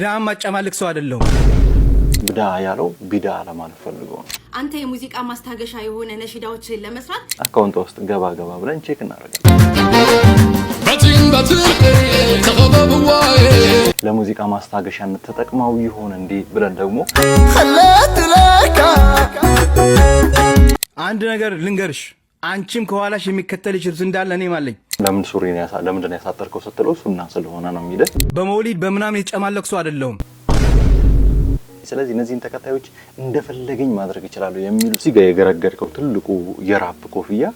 ድሃም ማጨማልቅ ሰው አይደለሁም። ብዳ ያለው ቢዳ ለማለት ፈልጎ ነው። አንተ የሙዚቃ ማስታገሻ የሆነ ነሽዳዎችን ለመስራት አካውንት ውስጥ ገባ ገባ ብለን ቼክ እናደርጋለን። ለሙዚቃ ማስታገሻነት ሆነ ይሆን ብለን ደግሞ አንድ ነገር ልንገርሽ አንቺም ከኋላሽ የሚከተል ህዝብ እንዳለ እኔም ማለኝ ለምን ሱሪ ለምንድን ያሳጠርከው ስትለው ሱና ስለሆነ ነው የሚደ በመውሊድ በምናምን የተጨማለቅ ሰው አይደለሁም። ስለዚህ እነዚህን ተከታዮች እንደፈለገኝ ማድረግ ይችላሉ የሚሉ ሲጋ የገረገድከው ትልቁ የራፕ ኮፍያ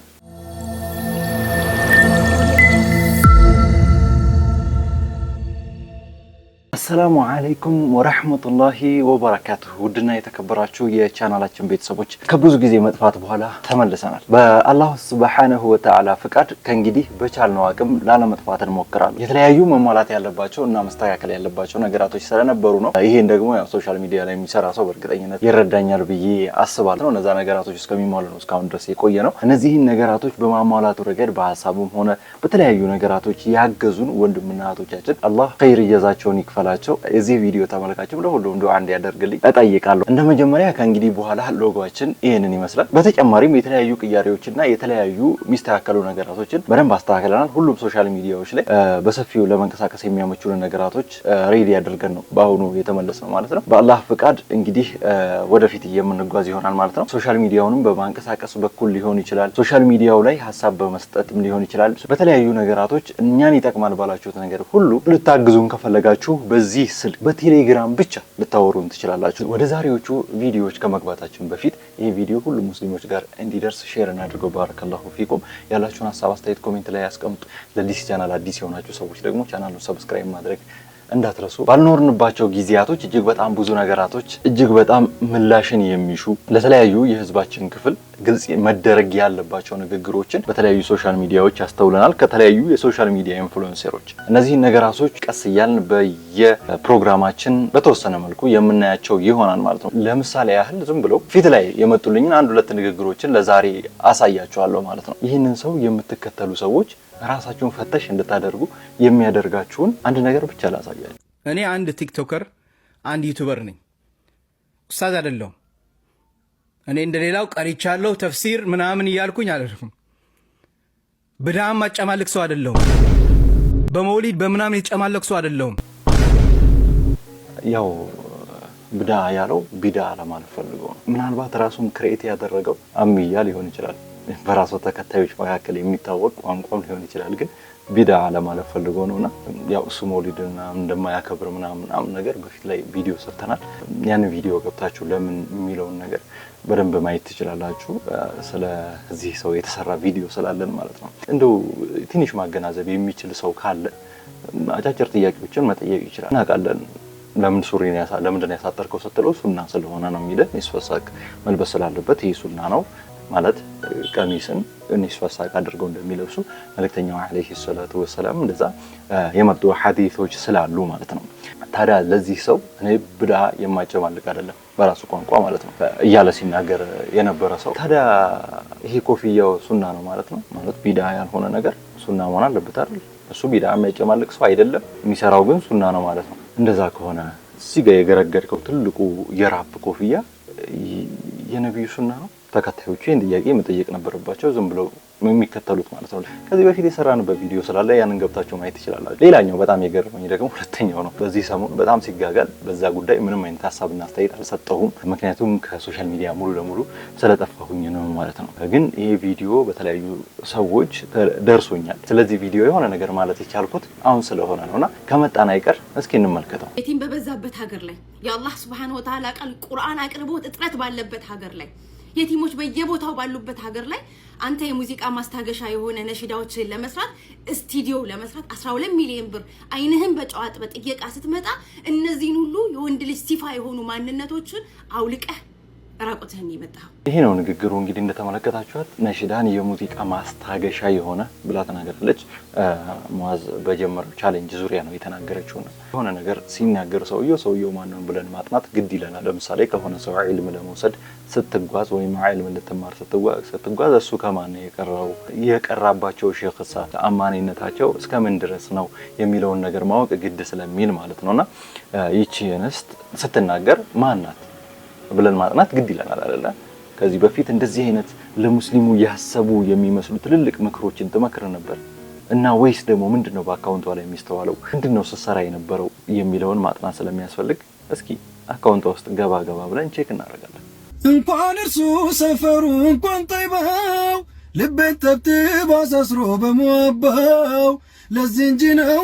አሰላሙ አለይኩም ወራህመቱላሂ ወበረካቱሁ። ውድና የተከበራችሁ የቻናላችን ቤተሰቦች ከብዙ ጊዜ መጥፋት በኋላ ተመልሰናል። በአላሁ ስብሓነሁ ወተዓላ ፍቃድ ከእንግዲህ በቻልነው አቅም ላለመጥፋት እንሞክራለን። የተለያዩ መሟላት ያለባቸው እና መስተካከል ያለባቸው ነገራቶች ስለነበሩ ነው። ይሄን ደግሞ ያው ሶሻል ሚዲያ ላይ የሚሰራ ሰው በእርግጠኝነት ይረዳኛል ብዬ አስባለሁ። እነዛ ነገራቶች እስከሚሟሉ ነው እስካሁን ድረስ የቆየ ነው። እነዚህን ነገራቶች በማሟላቱ ረገድ በሀሳቡም ሆነ በተለያዩ ነገራቶች ያገዙን ወንድምና እህቶቻችን አላህ ኸይር እየዛቸውን ይክፈላቸው ላላቸው የዚህ ቪዲዮ ተመልካችም ለሁሉም አንድ ያደርግልኝ እጠይቃለሁ። እንደ መጀመሪያ ከእንግዲህ በኋላ ሎጎችን ይህንን ይመስላል። በተጨማሪም የተለያዩ ቅያሬዎችና የተለያዩ የሚስተካከሉ ነገራቶችን በደንብ አስተካክለናል። ሁሉም ሶሻል ሚዲያዎች ላይ በሰፊው ለመንቀሳቀስ የሚያመቹን ነገራቶች ሬዲ አድርገን ነው በአሁኑ የተመለስ ነው ማለት ነው። በአላህ ፍቃድ እንግዲህ ወደፊት የምንጓዝ ይሆናል ማለት ነው። ሶሻል ሚዲያውንም በማንቀሳቀስ በኩል ሊሆን ይችላል፣ ሶሻል ሚዲያው ላይ ሀሳብ በመስጠትም ሊሆን ይችላል። በተለያዩ ነገራቶች እኛን ይጠቅማል ባላችሁት ነገር ሁሉ ልታግዙን ከፈለጋችሁ በዚህ ስልክ በቴሌግራም ብቻ ልታወሩን ትችላላችሁ። ወደ ዛሬዎቹ ቪዲዮዎች ከመግባታችን በፊት ይህ ቪዲዮ ሁሉ ሙስሊሞች ጋር እንዲደርስ ሼር እናድርገው። ባረከላሁ ፊኩም። ያላችሁን ሀሳብ አስተያየት ኮሜንት ላይ ያስቀምጡ። ለዲስ ቻናል አዲስ የሆናችሁ ሰዎች ደግሞ ቻናሉን ሰብስክራይብ ማድረግ እንዳትረሱ። ባልኖርንባቸው ጊዜያቶች እጅግ በጣም ብዙ ነገራቶች እጅግ በጣም ምላሽን የሚሹ ለተለያዩ የህዝባችን ክፍል ግልጽ መደረግ ያለባቸው ንግግሮችን በተለያዩ ሶሻል ሚዲያዎች ያስተውለናል። ከተለያዩ የሶሻል ሚዲያ ኢንፍሉንሰሮች እነዚህን ነገራቶች ቀስ እያልን በየፕሮግራማችን በተወሰነ መልኩ የምናያቸው ይሆናል ማለት ነው። ለምሳሌ ያህል ዝም ብለው ፊት ላይ የመጡልኝን አንድ ሁለት ንግግሮችን ለዛሬ አሳያቸዋለሁ ማለት ነው። ይህንን ሰው የምትከተሉ ሰዎች ራሳችሁን ፈተሽ እንድታደርጉ የሚያደርጋችሁን አንድ ነገር ብቻ ላሳያ። እኔ አንድ ቲክቶከር፣ አንድ ዩቱበር ነኝ። ኡስታዝ አይደለሁም። እኔ እንደሌላው ቀሪቻለሁ ተፍሲር ምናምን እያልኩኝ አደርኩም። ብድሃም ማጨማልቅ ሰው አይደለሁም። በመውሊድ በምናምን የጨማለቅ ሰው አይደለሁም። ያው ብዳ ያለው ቢዳ ለማለት ፈልገው ነው። ምናልባት ራሱን ክሬት ያደረገው አምያ ሊሆን ይችላል። በራሷ ተከታዮች መካከል የሚታወቅ ቋንቋም ሊሆን ይችላል። ግን ቢዳ ለማለት ፈልጎ ነው እና ያው እሱ መውሊድና እንደማያከብር ምናምን ነገር በፊት ላይ ቪዲዮ ሰርተናል። ያን ቪዲዮ ገብታችሁ ለምን የሚለውን ነገር በደንብ ማየት ትችላላችሁ። ስለዚህ ሰው የተሰራ ቪዲዮ ስላለን ማለት ነው። እንደው ትንሽ ማገናዘብ የሚችል ሰው ካለ አጫጭር ጥያቄዎችን መጠየቅ ይችላል። እናውቃለን ለምን ሱሪ ለምንድን ያሳጠርከው ስትለው ሱና ስለሆነ ነው የሚለን። ይስፈሳቅ መልበስ ስላለበት ይህ ሱና ነው ማለት ቀሚስን እኒስ ፈሳቅ አድርገው እንደሚለብሱ መልእክተኛው ዓለይሂ ሰላቱ ወሰላም እንደዛ የመጡ ሀዲቶች ስላሉ ማለት ነው። ታዲያ ለዚህ ሰው እኔ ብድዓ የማጨማልቅ አይደለም በራሱ ቋንቋ ማለት ነው እያለ ሲናገር የነበረ ሰው ታዲያ ይሄ ኮፍያው ሱና ነው ማለት ነው። ማለት ቢድዓ ያልሆነ ነገር ሱና መሆን አለበት አይደል? እሱ ቢድዓ የሚያጨማልቅ ሰው አይደለም፣ የሚሰራው ግን ሱና ነው ማለት ነው። እንደዛ ከሆነ እዚህ ጋር የገረገድከው ትልቁ የራፕ ኮፍያ የነቢዩ ሱና ነው ተከታዮቹ ይህን ጥያቄ መጠየቅ ነበረባቸው ዝም ብለው የሚከተሉት ማለት ነው። ከዚህ በፊት የሰራንበት ቪዲዮ ስላለ ያንን ገብታቸው ማየት ትችላላችሁ። ሌላኛው በጣም የገረመኝ ደግሞ ሁለተኛው ነው። በዚህ ሰሞን በጣም ሲጋጋል በዛ ጉዳይ ምንም አይነት ሀሳብና አስተያየት አልሰጠሁም። ምክንያቱም ከሶሻል ሚዲያ ሙሉ ለሙሉ ስለጠፋሁኝ ነው ማለት ነው። ግን ይሄ ቪዲዮ በተለያዩ ሰዎች ደርሶኛል። ስለዚህ ቪዲዮ የሆነ ነገር ማለት የቻልኩት አሁን ስለሆነ ነውና ከመጣን አይቀር እስኪ እንመልከተው። የቲም በበዛበት ሀገር ላይ የአላህ ስብሐነ ወተዓላ ቃል ቁርአን አቅርቦት እጥረት ባለበት ሀገር ላይ የቲሞች በየቦታው ባሉበት ሀገር ላይ አንተ የሙዚቃ ማስታገሻ የሆነ ነሽዳዎችን ለመስራት ስቱዲዮ ለመስራት 12 ሚሊዮን ብር አይንህን በጨዋጥ በጥየቃ ስትመጣ እነዚህን ሁሉ የወንድ ልጅ ሲፋ የሆኑ ማንነቶችን አውልቀህ ራቁትህን የመጣኸው ይሄ ነው ንግግሩ። እንግዲህ እንደተመለከታችኋት ነሽዳን የሙዚቃ ማስታገሻ የሆነ ብላ ተናገራለች። ሙአዝ በጀመረው ቻሌንጅ ዙሪያ ነው የተናገረችው። ነው የሆነ ነገር ሲናገር ሰውየው ሰውየው ማንነው ብለን ማጥናት ግድ ይለናል። ለምሳሌ ከሆነ ሰው ዒልም ለመውሰድ ስትጓዝ ወይም ዒልም ልትማር ስትጓዝ እሱ ከማን የቀረው የቀራባቸው ሼክሳ አማኒነታቸው እስከምን ድረስ ነው የሚለውን ነገር ማወቅ ግድ ስለሚል ማለት ነውና ይቺ እንስት ስትናገር ማን ናት ብለን ማጥናት ግድ ይለናል አይደለ? ከዚህ በፊት እንደዚህ አይነት ለሙስሊሙ ያሰቡ የሚመስሉ ትልልቅ ምክሮችን ትመክር ነበር እና ወይስ ደግሞ ምንድነው በአካውንቷ ላይ የሚስተዋለው ምንድነው ስሰራ የነበረው የሚለውን ማጥናት ስለሚያስፈልግ እስኪ አካውንቷ ውስጥ ገባ ገባ ብለን ቼክ እናደርጋለን። እንኳን እርሱ ሰፈሩ እንኳን ጠይባው ልቤት ተብትባ አሳስሮ በሞባው ለዚህ እንጂ ነው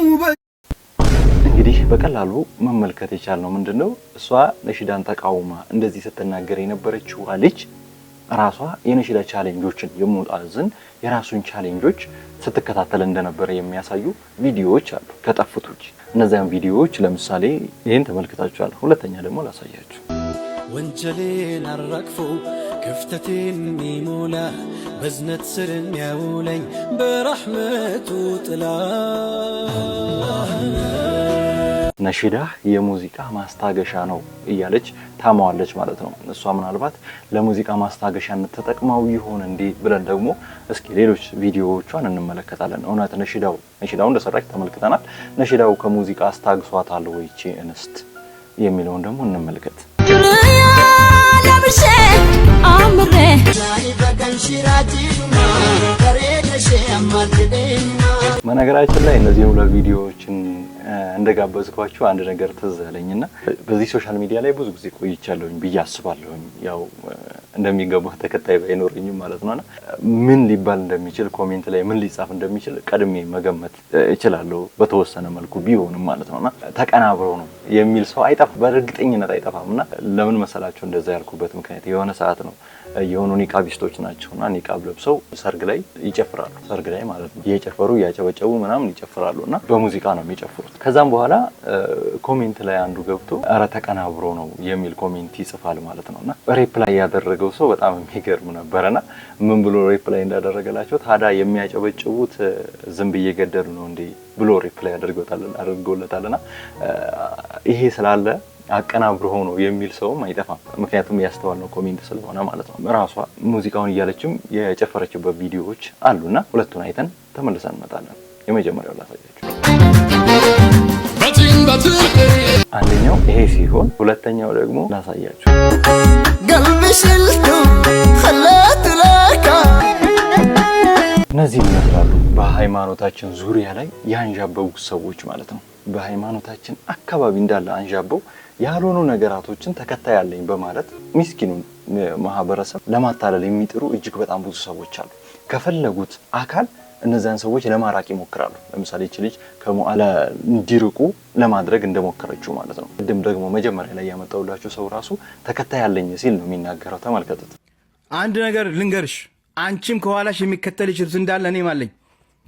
እንግዲህ በቀላሉ መመልከት የቻልነው ምንድን ነው፣ እሷ ነሽዳን ተቃውማ እንደዚህ ስትናገር የነበረችው ልጅ ራሷ የነሽዳ ቻሌንጆችን የሙጣዝን የራሱን ቻሌንጆች ስትከታተል እንደነበረ የሚያሳዩ ቪዲዮዎች አሉ ከጠፉት ውጭ። እነዚያን ቪዲዮዎች ለምሳሌ ይህን ተመልክታችኋል። ሁለተኛ ደግሞ ላሳያችሁ። ወንጀሌን አራግፎ ክፍተቴን የሚሞላ በዝነት ስር የሚያውለኝ በራህመቱ ጥላ ነሺዳ የሙዚቃ ማስታገሻ ነው እያለች ታማዋለች ማለት ነው። እሷ ምናልባት ለሙዚቃ ማስታገሻነት ተጠቅማው ይሆን እንዴ ብለን ደግሞ እስኪ ሌሎች ቪዲዮዎቿን እንመለከታለን። እውነት ነሺዳው ነሺዳው እንደሰራች ተመልክተናል። ነሺዳው ከሙዚቃ አስታግሷታል ወይ ይቺ እንስት የሚለውን ደግሞ እንመልከት። በነገራችን ላይ እነዚህ ሁለት ቪዲዮዎችን እንደጋበዝኳችሁ አንድ ነገር ትዝ አለኝና በዚህ ሶሻል ሚዲያ ላይ ብዙ ጊዜ ቆይቻለሁኝ ብዬ አስባለሁኝ ያው እንደሚገቡህ ተከታይ ባይኖረኝም ማለት ነው። እና ምን ሊባል እንደሚችል ኮሜንት ላይ ምን ሊጻፍ እንደሚችል ቀድሜ መገመት እችላለሁ በተወሰነ መልኩ ቢሆንም ማለት ነው። እና ነው የሚል ሰው አይጠፋም፣ በእርግጠኝነት አይጠፋም። እና ለምን መሰላቸው እንደዛ ያልኩበት ምክንያት የሆነ ሰዓት ነው የሆኑ ኒቃቢስቶች ናቸው እና ኒቃብ ለብሰው ሰርግ ላይ ይጨፍራሉ። ሰርግ ላይ ማለት ነው እየጨፈሩ እያጨበጨቡ ምናምን ይጨፍራሉ እና በሙዚቃ ነው የሚጨፍሩት። ከዛም በኋላ ኮሜንት ላይ አንዱ ገብቶ እረ ተቀናብሮ ነው የሚል ኮሜንት ይጽፋል ማለት ነው እና ሬፕ ላይ ያደረገው ያደረገው ሰው በጣም የሚገርም ነበርና ምን ብሎ ሪፕላይ እንዳደረገላቸው ታዲያ የሚያጨበጭቡት ብዬ እየገደሉ ነው እንዴ ብሎ ሪፕላይ አድርጎለታልና ይሄ ስላለ አቀናብሮ ሆኖ የሚል ሰውም አይጠፋም። ምክንያቱም ነው ኮሜንት ስለሆነ ማለት ነው። ራሷ ሙዚቃውን እያለችም የጨፈረችበት ቪዲዮዎች አሉና ሁለቱን አይተን ተመልሰን እንመጣለን። የመጀመሪያው ላሳያችሁ። አንደኛው ይሄ ሲሆን ሁለተኛው ደግሞ ላሳያችሁ ብሽልቱ እነዚህ ይመስላሉ በሃይማኖታችን ዙሪያ ላይ ያንዣበቡ ሰዎች ማለት ነው። በሃይማኖታችን አካባቢ እንዳለ አንዣበው ያልሆኑ ነገራቶችን ተከታይ አለኝ በማለት ሚስኪኑን ማህበረሰብ ለማታለል የሚጥሩ እጅግ በጣም ብዙ ሰዎች አሉ። ከፈለጉት አካል እነዚያን ሰዎች ለማራቅ ይሞክራሉ። ለምሳሌ ይች ልጅ ከሙዓላ እንዲርቁ ለማድረግ እንደሞከረችው ማለት ነው። ቅድም ደግሞ መጀመሪያ ላይ ያመጣውላችሁ ሰው ራሱ ተከታይ አለኝ ሲል ነው የሚናገረው። ተመልከቱት። አንድ ነገር ልንገርሽ፣ አንቺም ከኋላሽ የሚከተል ይችሉት እንዳለ እኔም አለኝ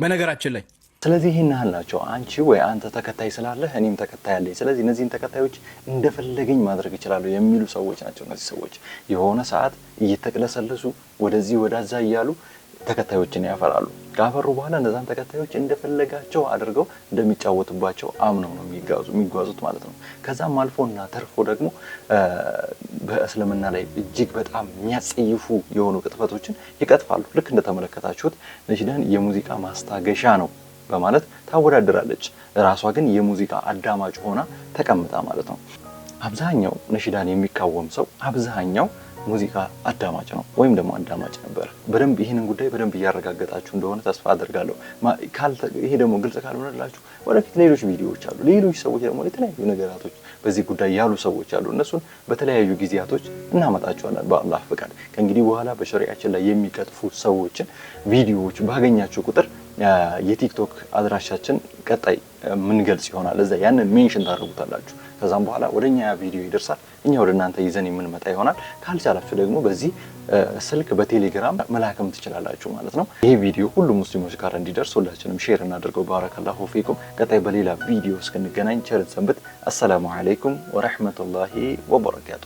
በነገራችን ላይ ስለዚህ ይህን ያህል ናቸው። አንቺ ወይ አንተ ተከታይ ስላለህ እኔም ተከታይ አለኝ፣ ስለዚህ እነዚህን ተከታዮች እንደፈለገኝ ማድረግ ይችላሉ የሚሉ ሰዎች ናቸው። እነዚህ ሰዎች የሆነ ሰዓት እየተቅለሰለሱ ወደዚህ ወዳዛ እያሉ ተከታዮችን ያፈራሉ። ካፈሩ በኋላ እነዛን ተከታዮች እንደፈለጋቸው አድርገው እንደሚጫወቱባቸው አምነው ነው የሚጓዙት ማለት ነው። ከዛም አልፎና ተርፎ ደግሞ በእስልምና ላይ እጅግ በጣም የሚያጸይፉ የሆኑ ቅጥፈቶችን ይቀጥፋሉ። ልክ እንደተመለከታችሁት ነሽዳን የሙዚቃ ማስታገሻ ነው በማለት ታወዳድራለች። ራሷ ግን የሙዚቃ አዳማጭ ሆና ተቀምጣ ማለት ነው። አብዛኛው ነሽዳን የሚቃወም ሰው አብዛኛው ሙዚቃ አዳማጭ ነው ወይም ደግሞ አዳማጭ ነበር። በደንብ ይህንን ጉዳይ በደንብ እያረጋገጣችሁ እንደሆነ ተስፋ አድርጋለሁ። ይሄ ደግሞ ግልጽ ካልሆነላችሁ ወደፊት ሌሎች ቪዲዮዎች አሉ። ሌሎች ሰዎች ደግሞ የተለያዩ ነገራቶች በዚህ ጉዳይ ያሉ ሰዎች አሉ። እነሱን በተለያዩ ጊዜያቶች እናመጣቸዋለን በአላህ ፍቃድ። ከእንግዲህ በኋላ በሸሪያችን ላይ የሚቀጥፉ ሰዎችን ቪዲዮዎች ባገኛችሁ ቁጥር የቲክቶክ አድራሻችን ቀጣይ ገልጽ ይሆናል። እዛ ያንን ሜንሽን ታደርጉታላችሁ። ከዛም በኋላ ወደ እኛ ቪዲዮ ይደርሳል። እኛ ወደ እናንተ ይዘን የምንመጣ ይሆናል። ካልቻላችሁ ደግሞ በዚህ ስልክ በቴሌግራም መላክም ትችላላችሁ ማለት ነው። ይህ ቪዲዮ ሁሉም ሙስሊሞች ጋር እንዲደርስ ሁላችንም ሼር እናደርገው። ባረከላሁ ፊኩም። ቀጣይ በሌላ ቪዲዮ እስክንገናኝ ቸርን ሰንብት። አሰላሙ አለይኩም ወረህመቱላሂ ወበረካቱ።